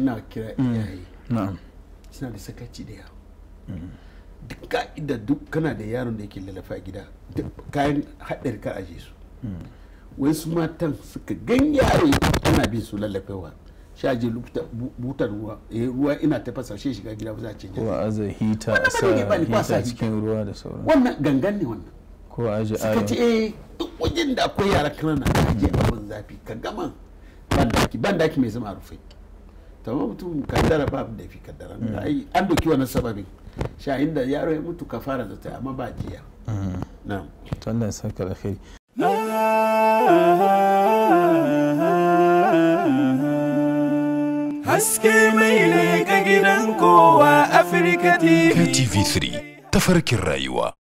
suna kira mm. iyaye suna da sakaci da yaro mm. duk ka'ida duk kana da yaron da yake lalafa a gida kayan haɗari ka aje su mm. wai su matan suka gan yare ana bin su lalafewa sha je butar ruwa eh ruwa ina tafasa shi shiga gida ba za a ce ko aza hita a sa cikin ruwa da sauran wannan gangan ne wannan ko aje ayo suka ce eh duk wajen da akwai yara na aje abin zafi ka gama ban daki ban daki mai zama rufe tamam mutum kaddara ba da fi kaddara mm. ai an doki wannan sababin sha da yaro ya mutu kafara da ta amma ba jiya mm. na'am to Allah ya saka alkhairi haske mai ne ga gidan kowa Afirka TV. tv 3 tafarkin rayuwa.